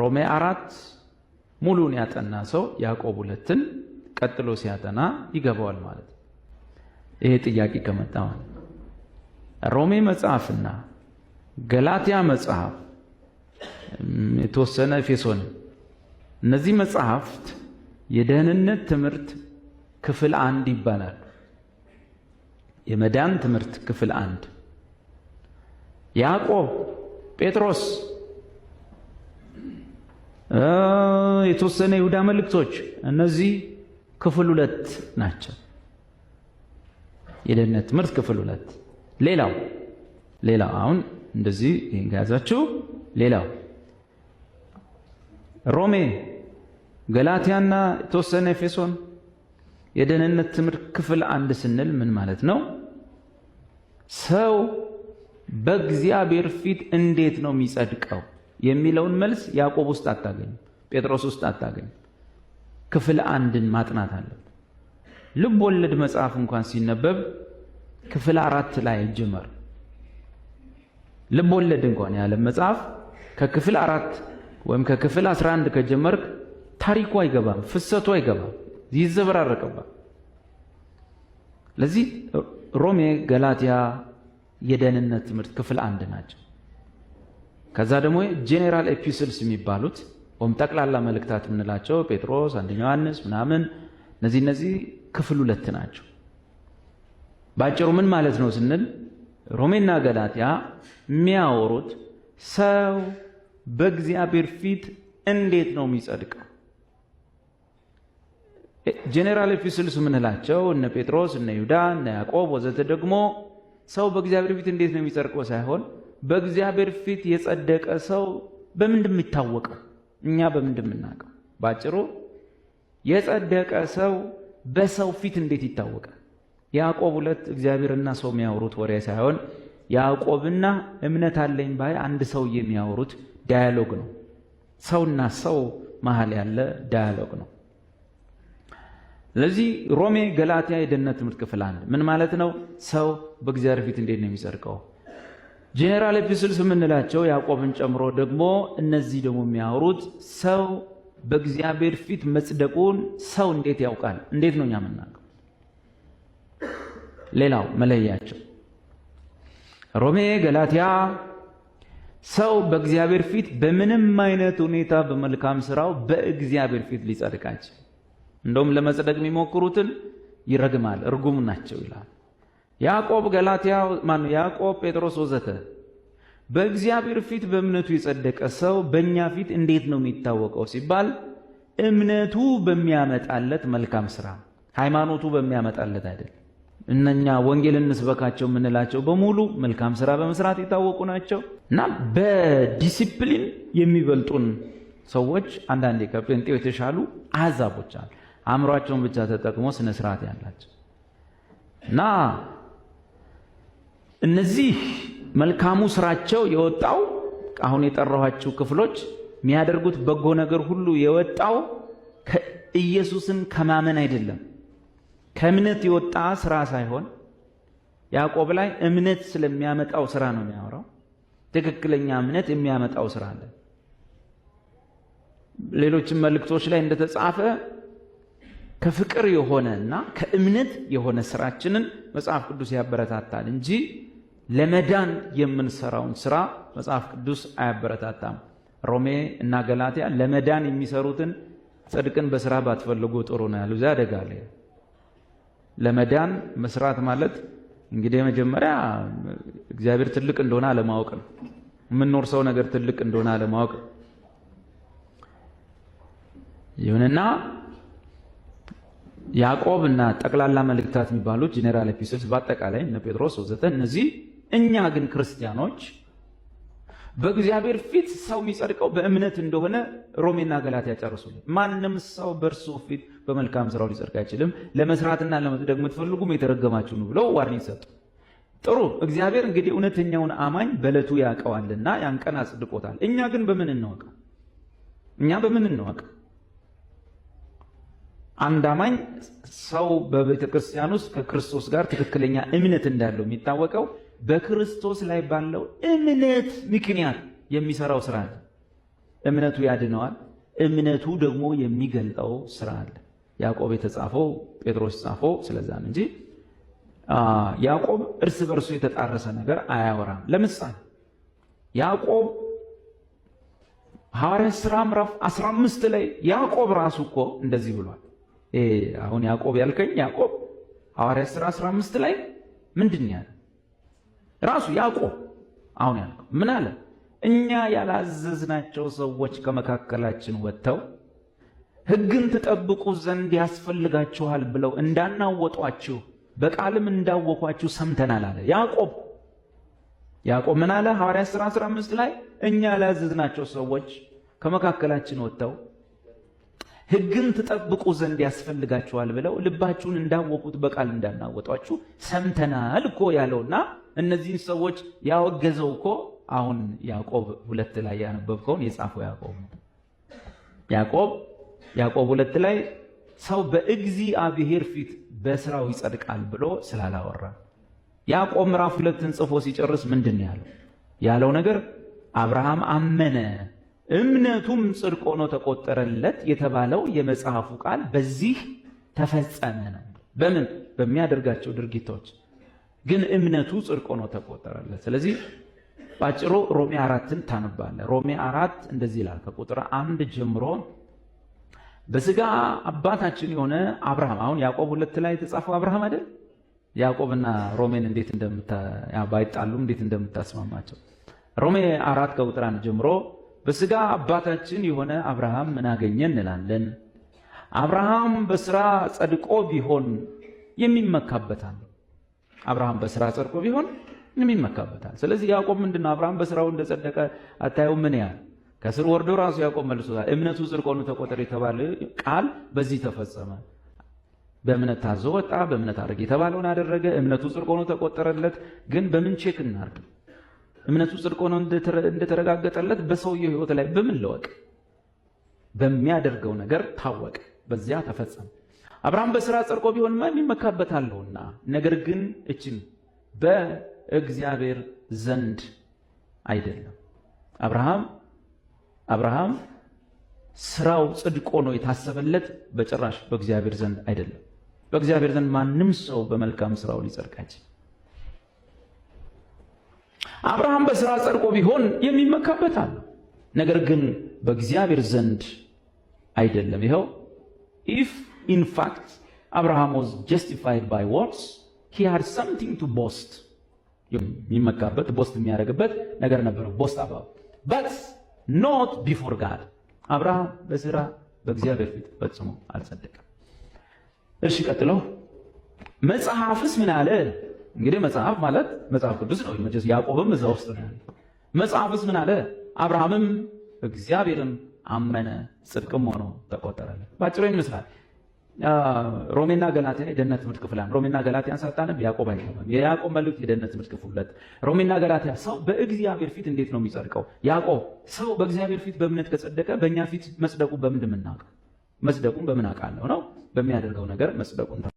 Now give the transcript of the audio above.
ሮሜ አራት ሙሉን ያጠና ሰው ያዕቆብ ሁለትን ቀጥሎ ሲያጠና ይገባዋል ማለት ነው። ይሄ ጥያቄ ከመጣ ሮሜ መጽሐፍና ገላትያ መጽሐፍ የተወሰነ ኤፌሶን እነዚህ መጽሐፍት የደህንነት ትምህርት ክፍል አንድ ይባላሉ። የመዳን ትምህርት ክፍል አንድ ያዕቆብ ጴጥሮስ የተወሰነ ይሁዳ መልእክቶች እነዚህ ክፍል ሁለት ናቸው። የደህንነት ትምህርት ክፍል ሁለት። ሌላው ሌላው አሁን እንደዚህ ይሄን ከያዛችሁ ሌላው ሮሜ፣ ገላትያና የተወሰነ ኤፌሶን የደህንነት ትምህርት ክፍል አንድ ስንል ምን ማለት ነው? ሰው በእግዚአብሔር ፊት እንዴት ነው የሚጸድቀው? የሚለውን መልስ ያዕቆብ ውስጥ አታገኝም፣ ጴጥሮስ ውስጥ አታገኝም። ክፍል አንድን ማጥናት አለብን። ልብ ወለድ መጽሐፍ እንኳን ሲነበብ ክፍል አራት ላይ ጀመር ልብ ወለድ እንኳን ያለ መጽሐፍ ከክፍል አራት ወይም ከክፍል 11 ከጀመርክ ታሪኩ አይገባም፣ ፍሰቱ አይገባም፣ ይዘበራረቅባል። ለዚህ ሮሜ፣ ገላትያ የደህንነት ትምህርት ክፍል አንድ ናቸው። ከዛ ደግሞ ጄኔራል ኤፒስልስ የሚባሉት ወይም ጠቅላላ መልእክታት የምንላቸው ጴጥሮስ፣ አንደኛ ዮሐንስ ምናምን እነዚህ እነዚህ ክፍል ሁለት ናቸው። በአጭሩ ምን ማለት ነው ስንል ሮሜና ገላትያ የሚያወሩት ሰው በእግዚአብሔር ፊት እንዴት ነው የሚጸድቀው? ጄኔራል ኤፒስልስ የምንላቸው እነ ጴጥሮስ፣ እነ ይሁዳ፣ እነ ያዕቆብ ወዘተ ደግሞ ሰው በእግዚአብሔር ፊት እንዴት ነው የሚጸድቀው ሳይሆን በእግዚአብሔር ፊት የጸደቀ ሰው በምን እንደሚታወቀው እኛ በምን እንደምናውቀው፣ ባጭሩ የጸደቀ ሰው በሰው ፊት እንዴት ይታወቃል? ያዕቆብ ሁለት እግዚአብሔርና ሰው የሚያወሩት ወሬ ሳይሆን ያዕቆብና እምነት አለኝ ባይ አንድ ሰው የሚያወሩት ዳያሎግ ነው። ሰውና ሰው መሀል ያለ ዳያሎግ ነው። ስለዚህ ሮሜ፣ ገላትያ የደህንነት ትምህርት ክፍል አንድ ምን ማለት ነው? ሰው በእግዚአብሔር ፊት እንዴት ነው የሚጸድቀው? ጄኔራል ኤፒስልስ የምንላቸው ያዕቆብን ጨምሮ ደግሞ እነዚህ ደግሞ የሚያወሩት ሰው በእግዚአብሔር ፊት መጽደቁን ሰው እንዴት ያውቃል? እንዴት ነው እኛ የምናውቀው? ሌላው መለያቸው ሮሜ፣ ገላትያ ሰው በእግዚአብሔር ፊት በምንም አይነት ሁኔታ በመልካም ስራው በእግዚአብሔር ፊት ሊጸድቃቸው እንደውም ለመጽደቅ የሚሞክሩትን ይረግማል፣ እርጉም ናቸው ይላል። ያዕቆብ ገላትያ ማን ያዕቆብ ጴጥሮስ ወዘተ በእግዚአብሔር ፊት በእምነቱ የጸደቀ ሰው በእኛ ፊት እንዴት ነው የሚታወቀው ሲባል እምነቱ በሚያመጣለት መልካም ስራ ሃይማኖቱ በሚያመጣለት አይደል እነኛ ወንጌል እንስበካቸው የምንላቸው በሙሉ መልካም ስራ በመስራት የታወቁ ናቸው እና በዲሲፕሊን የሚበልጡን ሰዎች አንዳንዴ ከጴንጤው የተሻሉ አሕዛቦች አሉ አእምሯቸውን ብቻ ተጠቅሞ ስነ ስርዓት ያላቸው እና እነዚህ መልካሙ ስራቸው የወጣው አሁን የጠራኋችሁ ክፍሎች የሚያደርጉት በጎ ነገር ሁሉ የወጣው ኢየሱስን ከማመን አይደለም፣ ከእምነት የወጣ ስራ ሳይሆን ያዕቆብ ላይ እምነት ስለሚያመጣው ስራ ነው የሚያወራው። ትክክለኛ እምነት የሚያመጣው ስራ አለ። ሌሎችም መልእክቶች ላይ እንደተጻፈ ከፍቅር የሆነ እና ከእምነት የሆነ ስራችንን መጽሐፍ ቅዱስ ያበረታታል እንጂ ለመዳን የምንሰራውን ስራ መጽሐፍ ቅዱስ አያበረታታም። ሮሜ እና ገላትያ ለመዳን የሚሰሩትን ጽድቅን በስራ ባትፈልጉ ጥሩ ነው ያሉ እዚያ አደጋ ላይ ለመዳን መስራት ማለት እንግዲህ መጀመሪያ እግዚአብሔር ትልቅ እንደሆነ አለማወቅ ነው። ሰው ነገር ትልቅ እንደሆነ አለማወቅ ነው። ይሁንና ያዕቆብ እና ጠቅላላ መልእክታት የሚባሉት ጄኔራል ኤፒሶች በአጠቃላይ እነ ጴጥሮስ ወዘተ እነዚህ እኛ ግን ክርስቲያኖች በእግዚአብሔር ፊት ሰው የሚጸድቀው በእምነት እንደሆነ ሮሜና ገላትያ ጨርሱ ማንም ሰው በእርሱ ፊት በመልካም ስራው ሊጸድቅ አይችልም፣ ለመስራትና ለመጽደቅ የምትፈልጉም የተረገማችሁ ነው ብለው ዋርኒ ሰጡ። ጥሩ እግዚአብሔር እንግዲህ እውነተኛውን አማኝ በዕለቱ ያውቀዋልና ያን ቀን አጽድቆታል። እኛ ግን በምን እንወቀው? እኛ በምን እንወቀው? አንድ አማኝ ሰው በቤተ ክርስቲያን ውስጥ ከክርስቶስ ጋር ትክክለኛ እምነት እንዳለው የሚታወቀው በክርስቶስ ላይ ባለው እምነት ምክንያት የሚሰራው ስራ አለ። እምነቱ ያድነዋል። እምነቱ ደግሞ የሚገልጠው ስራ አለ። ያዕቆብ የተጻፈው ጴጥሮስ የጻፈው ስለዛ እንጂ ያዕቆብ እርስ በርሱ የተጣረሰ ነገር አያወራም። ለምሳሌ ያዕቆብ ሐዋርያ ሥራ ምዕራፍ 15 ላይ ያዕቆብ ራሱ እኮ እንደዚህ ብሏል። አሁን ያዕቆብ ያልከኝ ያዕቆብ ሐዋርያ ሥራ 15 ላይ ምንድን ያለ ራሱ ያዕቆብ አሁን ያልከው ምን አለ? እኛ ያላዘዝናቸው ሰዎች ከመካከላችን ወጥተው ሕግን ትጠብቁ ዘንድ ያስፈልጋችኋል ብለው እንዳናወጧችሁ በቃልም እንዳወኳችሁ ሰምተናል አለ ያዕቆብ። ያዕቆብ ምን አለ? ሐዋርያ ሥራ 15 ላይ እኛ ያላዘዝናቸው ሰዎች ከመካከላችን ወጥተው ሕግን ትጠብቁ ዘንድ ያስፈልጋችኋል ብለው ልባችሁን እንዳወቁት በቃል እንዳናወጧችሁ ሰምተናል እኮ ያለውና እነዚህን ሰዎች ያወገዘው እኮ አሁን ያዕቆብ ሁለት ላይ ያነበብከውን የጻፈው ያዕቆብ ነው። ያዕቆብ ያዕቆብ ሁለት ላይ ሰው በእግዚአብሔር ፊት በስራው ይጸድቃል ብሎ ስላላወራ ያዕቆብ ምዕራፍ ሁለትን ጽፎ ሲጨርስ ምንድን ያለው ያለው ነገር አብርሃም አመነ እምነቱም ጽድቅ ሆኖ ተቆጠረለት የተባለው የመጽሐፉ ቃል በዚህ ተፈጸመ ነው። በምን በሚያደርጋቸው ድርጊቶች ግን እምነቱ ጽድቅ ሆኖ ተቆጠረለት። ስለዚህ ባጭሩ ሮሜ አራትን ታነባለ። ሮሜ አራት እንደዚህ ይላል ከቁጥር አንድ ጀምሮ በስጋ አባታችን የሆነ አብርሃም አሁን ያዕቆብ ሁለት ላይ የተጻፈው አብርሃም አይደል? ያዕቆብና ሮሜን እንዴት ባይጣሉም እንዴት እንደምታስማማቸው ሮሜ አራት ከቁጥር አንድ ጀምሮ በስጋ አባታችን የሆነ አብርሃም ምን አገኘ እንላለን። አብርሃም በስራ ጸድቆ ቢሆን የሚመካበታል አብርሃም በስራ ጸድቆ ቢሆን ይመካበታል። ስለዚህ ያዕቆብ ምንድን ነው አብርሃም በስራው እንደጸደቀ አታየው? ምን ያህል ከስር ወርዶ ራሱ ያዕቆብ መልሶታል። እምነቱ ጽድቅ ሆኖ ተቆጠረ የተባለ ቃል በዚህ ተፈጸመ። በእምነት ታዞ ወጣ፣ በእምነት አድርግ የተባለውን አደረገ። እምነቱ ጽድቅ ሆኖ ተቆጠረለት። ግን በምን ቼክ እናርግ? እምነቱ ጽድቅ ሆኖ እንደተረጋገጠለት በሰውየው ህይወት ላይ በምን ለወቅ? በሚያደርገው ነገር ታወቀ፣ በዚያ ተፈጸመ። አብርሃም በስራ ጸድቆ ቢሆንማ የሚመካበት አለውና፣ ነገር ግን እችን በእግዚአብሔር ዘንድ አይደለም። አብርሃም አብርሃም ስራው ጽድቆ ነው የታሰበለት፣ በጭራሽ በእግዚአብሔር ዘንድ አይደለም። በእግዚአብሔር ዘንድ ማንም ሰው በመልካም ስራው ሊጸድቅ አብርሃም በስራ ጸድቆ ቢሆን የሚመካበት አለ፣ ነገር ግን በእግዚአብሔር ዘንድ አይደለም። ይኸው ኢፍ ኢንፋክት አብርሃም Abraham ጀስቲፋይድ ባይ by ሂ He had something to የሚመካበት ቦስት የሚያደርግበት ነገር ነበረው። ቦስት አባ በት ኖት ቢፎር ጋድ አብርሃም በስራ በእግዚአብሔር ፊት ፈጽሞ አልጸደቀም። እሺ ቀጥሎ መጽሐፍስ ምን አለ? እንግዲህ መጽሐፍ ማለት መጽሐፍ ቅዱስ ነው። መቼስ ያዕቆብም እዛ ውስጥ ነው። መጽሐፍስ ምን አለ? አብርሃምም እግዚአብሔርን አመነ፣ ጽድቅም ሆኖ ተቆጠረለት። ባጭሩ ይመስላል ሮሜና ገላትያ የደህንነት ምድቅ ፍላን ሮሜና ገላትያን ሳጣንም ያዕቆብ አይሾመም። የያዕቆብ መልእክት የደህንነት ምድቅ ሁለት ሮሜና ገላትያ ሰው በእግዚአብሔር ፊት እንዴት ነው የሚጸድቀው? ያዕቆብ ሰው በእግዚአብሔር ፊት በእምነት ከጸደቀ በእኛ ፊት መጽደቁ በምንድን ምናውቅ? መጽደቁን በምን አውቃለሁ ነው በሚያደርገው ነገር መጽደቁን